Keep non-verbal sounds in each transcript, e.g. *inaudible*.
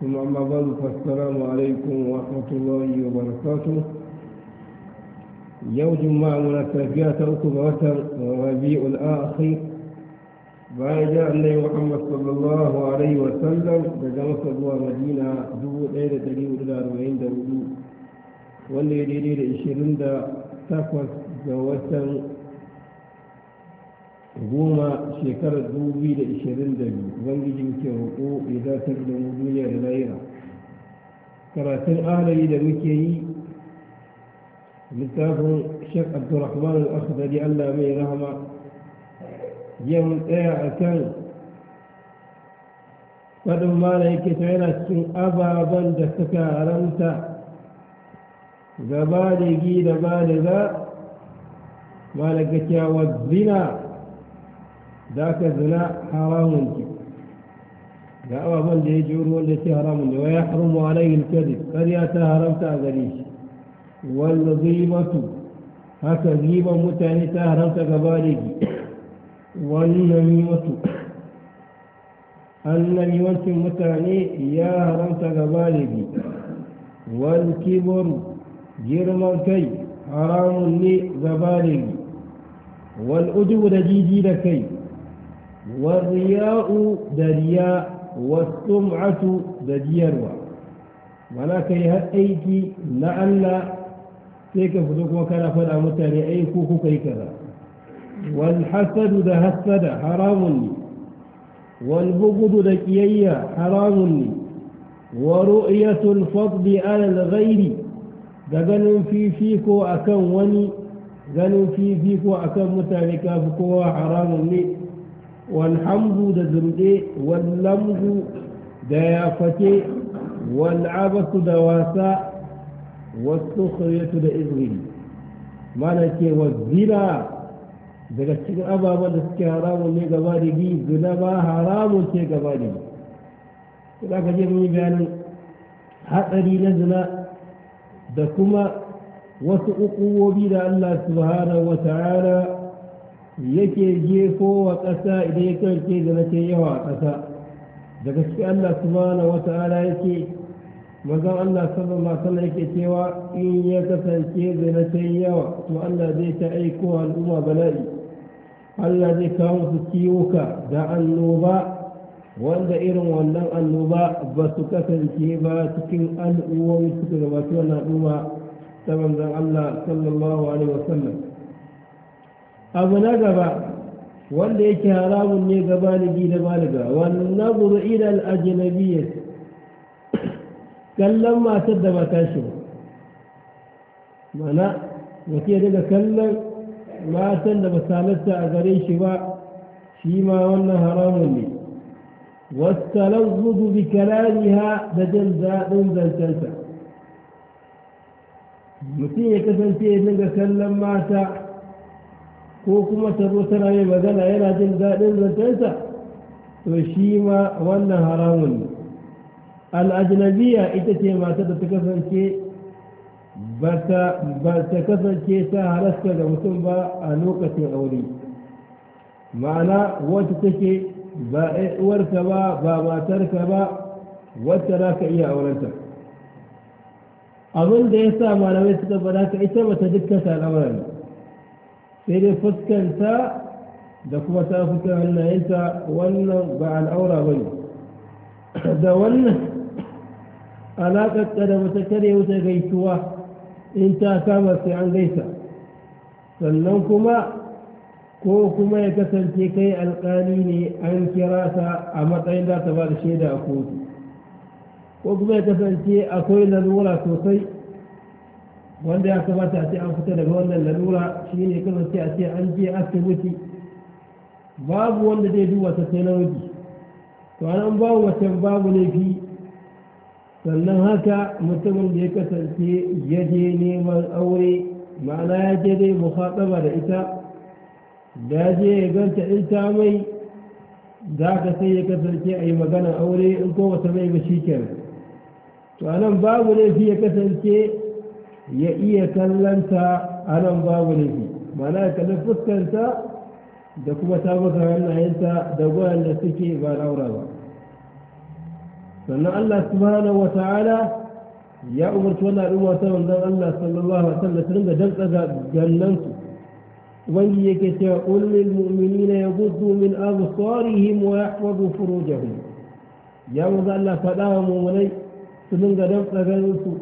ثم أما بعد فالسلام عليكم ورحمة الله وبركاته yau juma'a muna tafiya ta uku ga watan rabi'ul akhir bayan da annabi Muhammad sallallahu alaihi wa sallam daga Makka zuwa Madina 1444 wanda ya daidai da 28 ga watan goma shekarar dubu da ishirin da biyu ubangiji muke roƙo ya zartar da mu duniya da lahira karatun ahalari da muke yi littafin shek abdurrahman al-akhdari allah mai rahama jiya mun tsaya a kan faɗin mana yake ta yana cikin ababen da suka haramta gaba da gi da ba da za malaka kyawar zina da ka zina haramun ce ga ababen da ya ji wanda ce haramun ne wa ya haramu alayhi alkadib ƙarya ta haramta a gare shi wal ghibatu haka ghiban mutane ta haramta gaba da gi wal namimatu annabi wancin mutane ya haramta gaba da gi wal kibaru girman kai haramun ne gaba da gi wal ujubu da jiji da kai والرياء درياء والسمعة دريا ولا كي هأيكي لعل سيك فدوك وكان فلا متاني أيكوك كي كذا والحسد ده حسد حرام لي والبغض دكيي حرام لي ورؤية الفضل على الغير ده في فيكو أكون وني غنم في فيكو أكون متاني كافكوا حرام لي والحمد ده زمده واللمه ده يافته والعبس ده واسا والسخرية ده إذن ما نكي والزنا ده كتك أبا ما نسكي حرام اللي قباري بي زنا ما حرام اللي قباري بي لكن جميعا حقري نزنا ده كما وسأقوه بي الله سبحانه وتعالى yake jefo wa ƙasa idan ya karke da nake yawa a ƙasa daga cikin Allah subhanahu wa ta'ala yake mazan Allah sallallahu alaihi yake cewa in ya kasance da nake yawa to Allah zai ta aiko al'umma bala'i Allah zai kawo musu ciwuka da annoba wanda irin wannan annoba ba su kasance ba cikin al'ummomi suka gabata wannan al'umma ta Allah sallallahu alaihi sallam abu na gaba wanda yake haramun ne ga baligi da baliga wannan nazuru ila al-ajnabiyyah kallon matar da ba ta shi mana wace daga kallon matan da ba halatta a gare shi ba shi ma wannan haramun ne bi kalamiha da jin daɗin زنتنسا mutum ya kasance ya dinga kallon mata ko kuma ta zo tana mai magana yana jin daɗin zantansa? to shi ma wannan haramun ne al'ajinabiya ita ce matar da ta kasance ba ta kasance ta halasta da mutum ba a lokacin aure ma'ana wacce take ba uwarka ba ba matarka ba wacce za ka iya aurenta abin da ya sa malamai suka faɗa ka ita ba ta dukkata al'amuran sai dai fuskanta da kuma ta tafukan hannayensa wannan ba al'aura ba ne da wannan alaƙar da wata kare wuta gaituwa in ta kama sai an gaisa sannan kuma ko kuma ya kasance kai alƙali ne an kira ta a matsayin za ta ba da shaida a kotu ko kuma ya kasance akwai lalura sosai wanda ya kamata a ce an fita daga wannan lalura shi ne kasance a ce an je asibiti babu wanda zai duba ta sai nauyi to an babu wata babu laifi sannan haka mutumin da ya kasance ya je neman aure ma'ana ya je dai muhaɗaba da ita da je ya ganta in ta mai za ka sai ya kasance a yi magana aure in ko wata mai ba shi kenan to anan babu laifi ya kasance ya iya kallanta a nan babu laifi mana ya kalli fuskanta da kuma tabuka hannayenta da gwayan da suke ba laura ba sannan allah subhanahu wa ta'ala ya umarci wannan al'umma ta manzon allah sallallahu alaihi wasallam su da dantsa ga gannan gannansu wani yake cewa qul lil mu'minina yaghuddu min absarihim wa yahfazu furujahum ya manzo allah faɗa wa mu'minai su dinga dantsa ganin su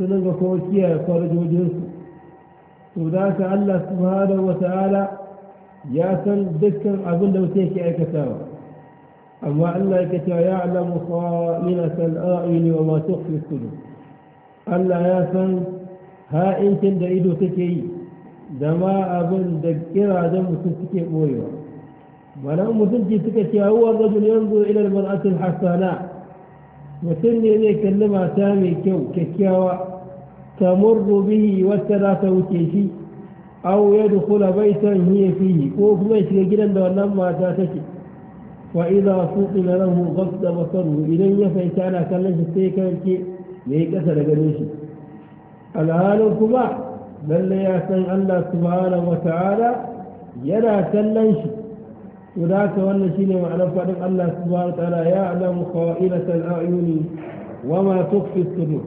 سنن وكوكيا يصارج وجنس وذاك الله سبحانه وتعالى ياسن ذكر أقول له تيكي أي كتاب أما أن الكتاب يعلم خائنة الاعين وما تخفي السجن الله ياسن ها انت دعيدو تكي دماء أقول ذكر عدم تكي مويو ولو مسلتي تكي هو الرجل ينظر إلى المرأة الحسناء mutum ne zai kalli mata mai kyau kyakkyawa ta murdu bihi wata za ta wuce shi aw ya dukula baitan hiya fihi ko kuma ya shiga gidan da wannan mata take wa idza fuqila lahu da basaruhu idan ya fahimta ana kallon shi sai karke yayi kasa da gare shi alhalin kuma lalle ya san Allah subhanahu wa ta'ala yana kallon shi وذاك وانا شيني معنى فعلم الله سبحانه وتعالى يعلم خائنة الأعين وما تخفي الصدور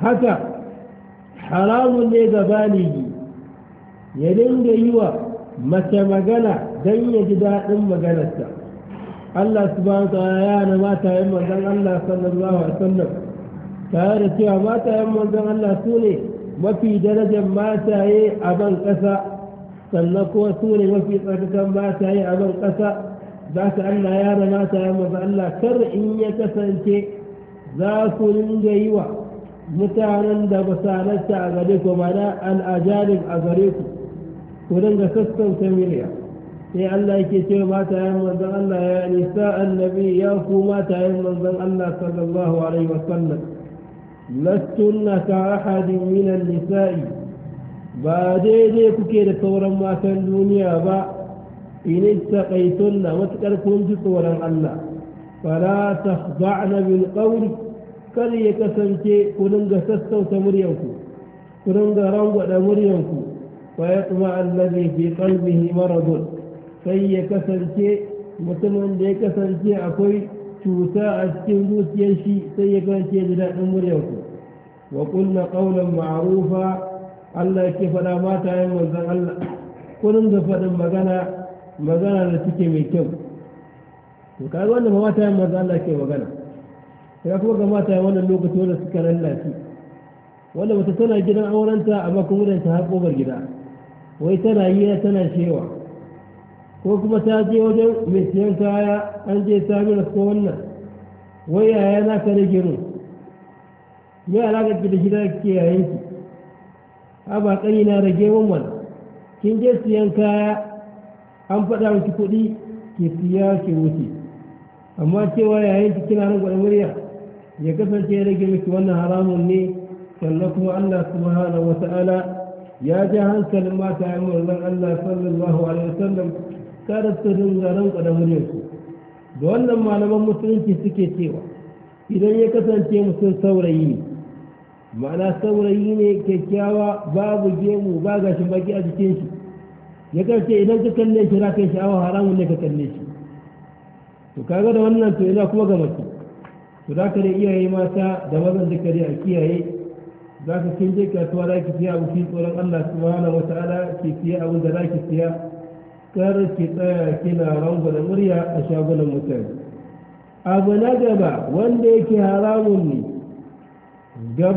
haka haramun ne ga baligi ya dinga yi wa mace magana don ya ji daɗin maganarsa Allah subhanahu ta'ala ya na mata yan manzon Allah sallallahu alaihi wasallam tare da cewa mata yan manzon Allah sune mafi darajar mataye a ban ƙasa قال فلنكو سوري وفي قد كم بات يا من قسى بات أن يا رمات يا مبا الله كر إن يتسنك ذاك لنجيوة متعنا دبسانتا أغريكم على الأجانب أغريكم ولنك سستم سميريا يا الله كتير ما تعلم من ذن الله يا نساء النبي يا أخو ما تعلم من ذن الله صلى الله عليه وسلم لستن كأحد من النساء ba daidai kuke da sauran matan duniya ba in na matuƙar kun ji tsoron Allah la tahda'na bil qawli kar ya kasance ku dinga sassauta muryanku ku dinga rangwada muryanku wa kuma allazi fi qalbihi maradun sai ya kasance mutumin da ya kasance akwai cuta a cikin zuciyar shi sai ya kasance da daɗin muryanku wa qulna qawlan ma'rufa Allah yake faɗa mata yin manzan Allah kullum da faɗin magana magana da suke mai kyau to kaga wannan ba mata yin manzan Allah ke magana ya kuma ga mata yin wannan lokaci wanda suka lallace wanda mata tana gidan aurenta amma kuma da ta haƙobar gida wai tana yi tana shewa ko kuma ta je wajen mai siyan kaya an je ta ko wannan wai yaya na kare rage ya alaƙa da gida ke yayin ki haba kani na rage wannan kin je siyan kaya an faɗa miki kuɗi ki siya ki wuce amma cewa yayin ki kina nan gwada murya ya kasance ya rage miki wannan haramun ne sannan kuma Allah subhanahu ta'ala ya ja hankalin mata ya nan Allah sallallahu alaihi wasallam kada su dinga nan gwanin murya ku da wannan malaman musulunci suke cewa idan ya kasance mutum saurayi ne ma'ana saurayi ne kyakkyawa babu gemu ba gashin baki a jikin shi ya karshe idan ka kalle shi za ka yi sha'awa haramun ne ka kalle shi to kaga da wannan to ina kuma ga mace to za ka da iyaye mata da mazan da kare a kiyaye za ka kin je kasuwa za ki siya abu ki tsoron Allah subhanahu wa ta'ala ki siya abu da za ki siya kar ki tsaya kina rango da murya a shagunan mutane abu na gaba wanda yake haramun ne da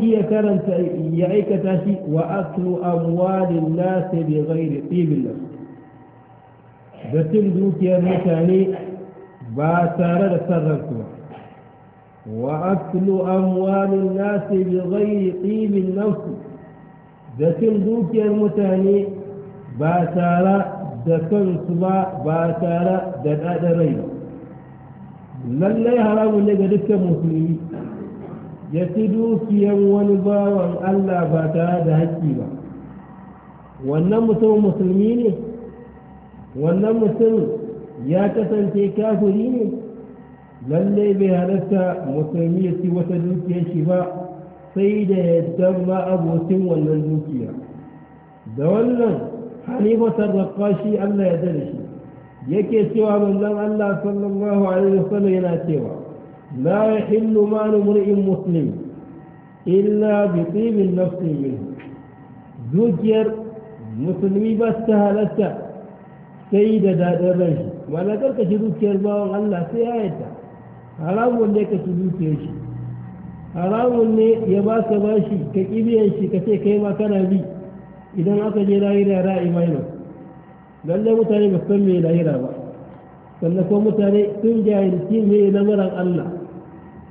giya karanta ya aikata shi wa aklu amwalin nasi bi ghairi nan, da cin dukiyar mutane ba tare da sarrafa wa aslu amwalin nasi bi ghairi tibin nafsi da cin dukiyar mutane ba tare da kansu ba ba tare da ɗaɗa rai lallai haramun ne ga dukkan musulmi ya ci dukiyar wani bawan Allah ba tare da haƙƙi ba wannan mutum musulmi ne wannan mutum ya kasance kafiri ne lallai bai halatta musulmi ya ci wata dukiyar shi ba sai da yadda ma abokin wannan dukiya da wannan halifatar shi Allah ya dare shi yake cewa manzon Allah sallallahu alaihi wasallam yana cewa لا يحل مال امرئ مسلم إلا بطيب النفس منه زجر musulmi ba su ta halatta sai da daɗin ran shi wala karka ci zuciyar bawan Allah sai ya yadda haramun ne ka ci zuciyar shi haramun ne ya ba ka ba shi ka ƙibiyar shi ka ce kai ma kana bi idan aka je lahira ra imaina lalle mutane ba san me lahira ba sannan kuma mutane sun jahilci me lamarin Allah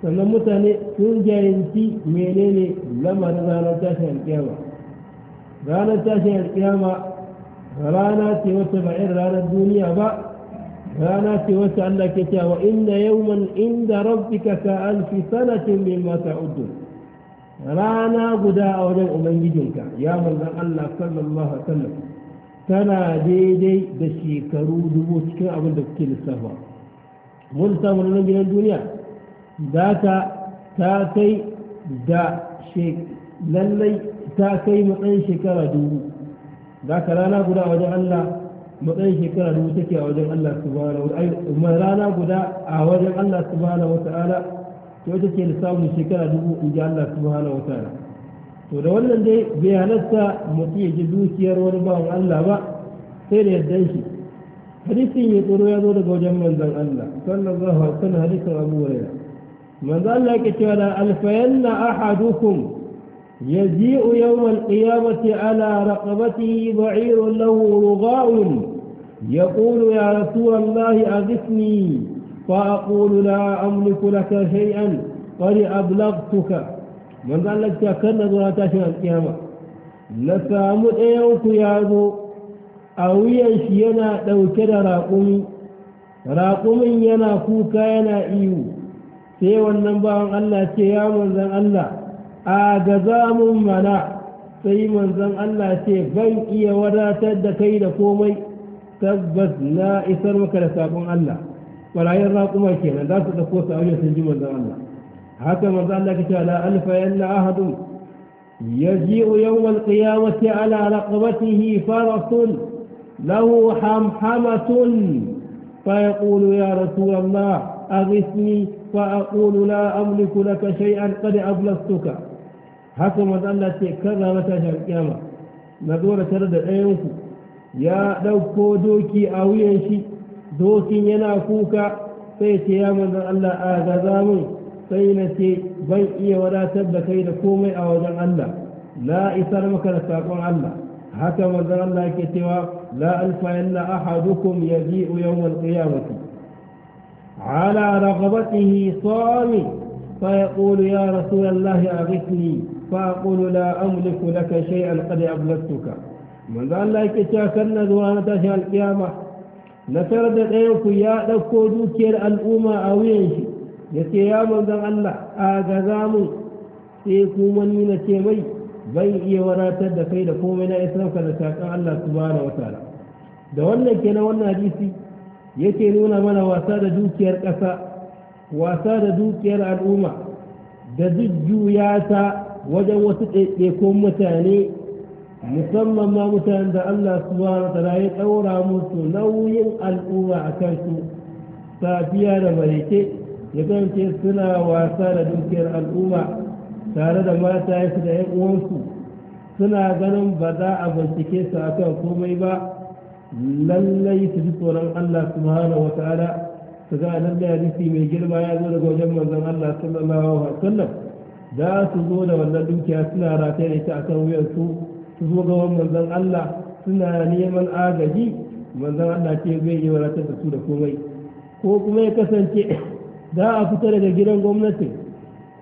sannan mutane sun jayanci menene lamarin ranar tashin alƙiyama ranar tashin alƙiyama rana ce wata ba irin ranar duniya ba rana ce wata Allah ke cewa inna yawman inda rabbika ka alfi sanatin mata ta'udun rana guda a wajen ubangijinka ya manzan Allah sallallahu alaihi wasallam tana daidai da shekaru dubu cikin abin da kuke lissafa mun samu nan gidan duniya za ta kai da lallai ta kai matsayin shekara dubu za ka rana guda wajen Allah matsayin shekara dubu take a wajen Allah subhanahu wa ta'ala rana guda a wajen Allah subhanahu wa ta'ala to ita ce lissafin shekara dubu in ji Allah subhanahu wa ta'ala to da wannan dai bai halatta mutum ya ji dukiyar wani bawan Allah ba sai da yardan shi hadisin ya tsoro ya zo daga wajen manzon Allah sallallahu alaihi sallam hadisin Abu Hurairah manzo Allah yake cewa la alfayanna ahadukum yaji'u yawm alqiyamati ala raqabatihi ba'irun lahu يقول يا رسول الله أذفني فأقول لا أملك لك شيئا قد أبلغتك من قال لك تأكلنا دون شيئا القيامة نسام أيوك يا أبو أويا شينا لو كان راقومي راقومي ينا كوكا ينا إيو sai wannan bawan Allah ce ya manzan Allah a gaza mun mana sai manzan Allah ce ban iya wadatar da kai da komai tabbas na isar maka da sabon Allah barayin raƙuma kenan za su ɗauko su aure sun ji manzan Allah haka manzan Allah ka ce ala alfa yalla ahadun yaji'u yawmal qiyamati ala raqabatihi farasun له حمحمة فيقول يا رسول الله أغثني فأقول لا أملك لك شيئا قد أبلغتك haka matsala ce kan rana ta shi alƙiyama na zo da tare da ɗayanku ya ɗauko doki a wuyan shi dokin yana kuka sai ce ya manzan Allah a gaza min sai na ce ban iya wadatar da kai da komai a wajen Allah la isar maka da saƙon Allah haka manzan Allah ke cewa la alfa yalla ahadukum yaji'u yawmal qiyamati على رغبته صام فيقول يا رسول الله أغثني فأقول لا أملك لك شيئا قد أبلغتك من ذا الله كتاكنا دوانا تاشا القيامة نترد غيرك يا لكو دوكير الأمة أوينش يتي يا من ذا الله آغذام سيكو من من تيمي بيئي iya wadatar da kai da komai na islam ka da shakan Allah subhanahu wa ta'ala yake nuna mana wasa da dukiyar ƙasa wasa da dukiyar al'umma da jujjuya ta wajen wasu ɗaiɗaikun mutane musamman ma mutanen da Allah subhanahu wa ya ɗaura musu nauyin al'umma a kansu safiya da mareke ya zance suna wasa da dukiyar al'umma tare da mata da 'yan uwansu suna ganin ba za a bincike su akan komai ba lallai su ji tsoron Allah subhanahu wa ta'ala su ga nan da hadisi mai girma ya zo daga wajen manzon Allah sallallahu alaihi sallam za su zo da wannan dukiya suna rataye da ita akan kan su su zo ga manzon Allah suna neman agaji manzon Allah ce zai yi wadatar da su da komai ko kuma ya kasance *coughs* za a fita daga gidan gwamnati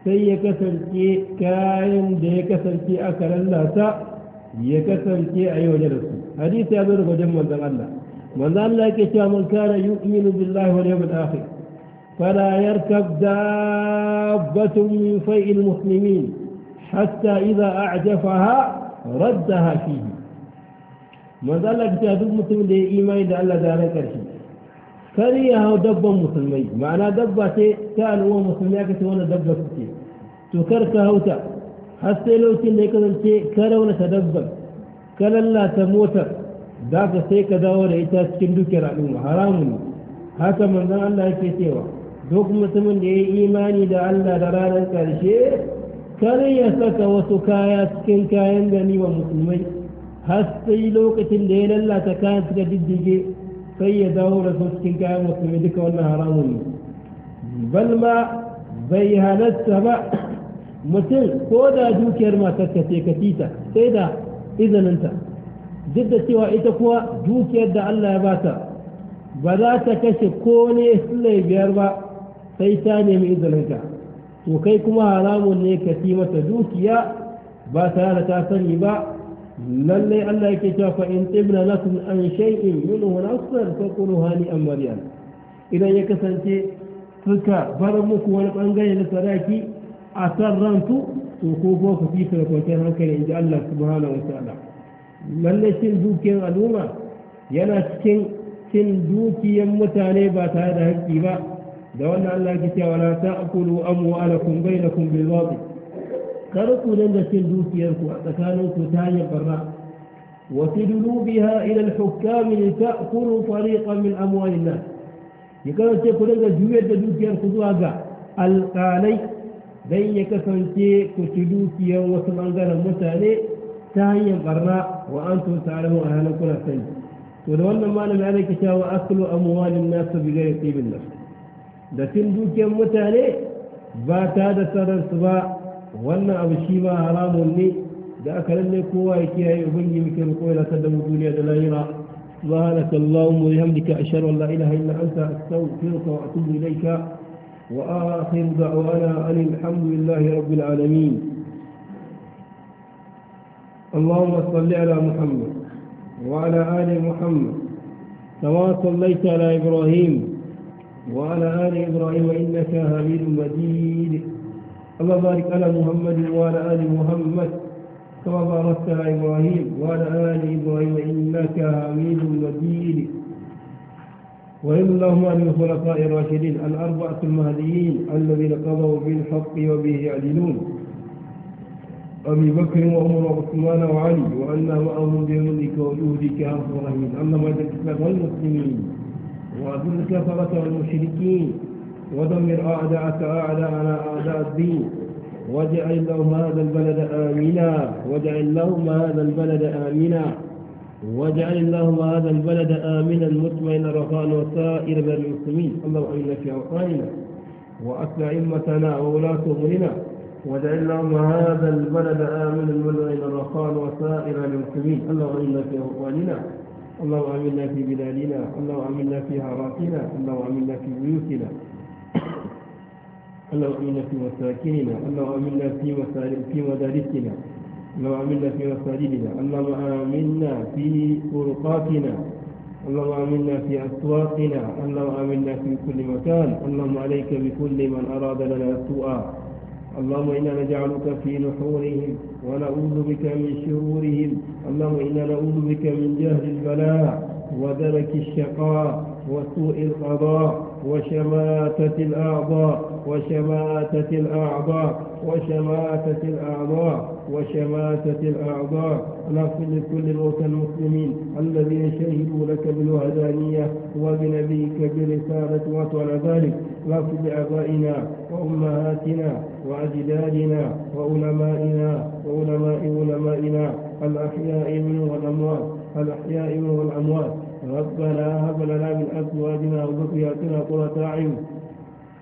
sai ya kasance kayan da ya kasance aka lallata ya kasance a yi waje da su حديث يا بيرو daga من manzon Allah manzon Allah yake cewa man kana yu'minu billahi wal yawmil فلا يركب دابة من فيء المسلمين حتى إذا أعجفها ردها فيه ما الله كي تهدو مسلم دي إيمان دا الله دارا كرشي كريها هو دبا مسلمي معنى دبا تي كان هو مسلمي كي وانا دبا كتي تكركها وتا حتى لو تي لك كرونة كرونا ka lallata motar za ka sai ka dawo da ita cikin dukiyar al'umma haramun ne haka manzon Allah yake cewa duk mutumin da ya yi imani da Allah da ranar karshe kar ya saka wasu kaya cikin kayan wa musulmai har sai lokacin da ya lallata kayan suka diddige sai ya dawo da su cikin kayan musulmai duka wannan haramun ne bal ma bai halatta ba mutum ko da dukiyar matar ka ce ka tita sai da izininta duk da cewa ita kuwa dukiyar da Allah ya bata ba za ta kashe ko ne sulai biyar ba sai ta nemi izininka to kai kuma haramun ne ka ci mata dukiya ba ta da ta sani ba lallai Allah yake cewa fa in tibna lakum an shay'in minhu nasr fa hani am maryam idan ya kasance suka bar muku wani bangare na sadaki a san rantu to ko kuma ku fita da kwanciyar hankali in ji Allah subhanahu wa ta'ala lallai cin dukiyar al'umma yana cikin cin dukiyar mutane ba tare da haƙƙi ba da wannan Allah ke cewa la ta'kulu amwalakum bainakum bil batil kar ku dinga cin dukiyar ku a tsakanin ku ta hanyar barna wa tudlu biha ila al hukam li ta'kulu fariqan min amwalin nas ya kasance ku dinga juyar da dukiyar ku zuwa ga alƙalai dan ya kasance ku ci dukiyar wasu ɓangaren mutane ta hanyar barna wa an to tare mu a halin kuna sani to da wannan malami ana ke cewa aklu amwalin nasu bi gari tsibin nan da cin dukiyar mutane ba ta da sararsu ba wannan abu shi ba haramun ne da aka lalle kowa ya kiyaye ubangi muke mu ya lasar da mu duniya da lahira subhanaka allahumma wa bihamdika ashhadu an la ilaha illa anta astaghfiruka wa atubu ilayka وآخر دعوانا أن الحمد لله رب العالمين اللهم صل على محمد وعلى آل محمد كما صليت على إبراهيم وعلى آل إبراهيم إنك حميد مجيد اللهم بارك على محمد وعلى آل محمد كما باركت على إبراهيم وعلى آل إبراهيم إنك حميد مجيد وإن اللهم من الخلفاء الراشدين الأربعة المهديين الذين قضوا بالحق وبه يعدلون أبي بكر وعمر وعثمان وعلي وأنا معهم بمنك وجهدك يا رب العالمين اللهم اجعل الإسلام والمسلمين وأذل الكفرة والمشركين ودمر أعداءك أعداءنا أعداء الدين واجعل اللهم هذا البلد آمنا واجعل اللهم هذا البلد آمنا واجعل اللهم هذا البلد آمنا مطمئنا رخاء وسائر المسلمين اللهم آمنا في أوطاننا وأصلح أئمتنا وولاة أمرنا واجعل اللهم هذا البلد آمنا مطمئنا رخاء وسائر المسلمين اللهم آمنا في أوطاننا اللهم آمنا في بلادنا اللهم آمنا في عراقنا اللهم آمنا في بيوتنا اللهم آمنا في مساكننا اللهم آمنا في في مدارسنا اللهم آمنا في مساجدنا اللهم آمنا في طرقاتنا اللهم آمنا في أسواقنا اللهم آمنا في كل مكان اللهم عليك بكل من أراد لنا سوءا اللهم إنا نجعلك في نحورهم ونعوذ بك من شرورهم اللهم إنا نعوذ بك من جهل البلاء ودرك الشقاء وسوء القضاء وشماتة الأعضاء وشماتة الأعضاء وشماتة الأعضاء وشماتة الأعضاء نصل كل موتى المسلمين الذين شهدوا لك بالوهدانية وبنبيك برسالة وطول ذلك نصل آبائنا وأمهاتنا وأجدادنا وعلمائنا وعلماء علمائنا الأحياء من والأموات الأحياء من والأموات ربنا هب لنا من أزواجنا وذرياتنا قرة أعين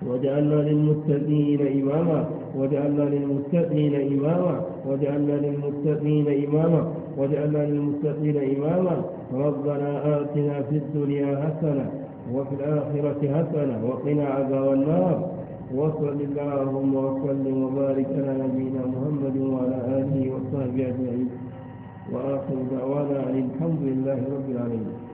وجعلنا للمتقين إماما واجعلنا للمتقين إماما واجعلنا للمتقين إماما واجعلنا للمتقين إماما ربنا آتنا في الدنيا حسنة وفي الآخرة حسنة وقنا عذاب النار وصل اللهم وسلم وبارك على نبينا محمد وعلى آله وصحبه أجمعين وآخر دعوانا أن الحمد لله رب العالمين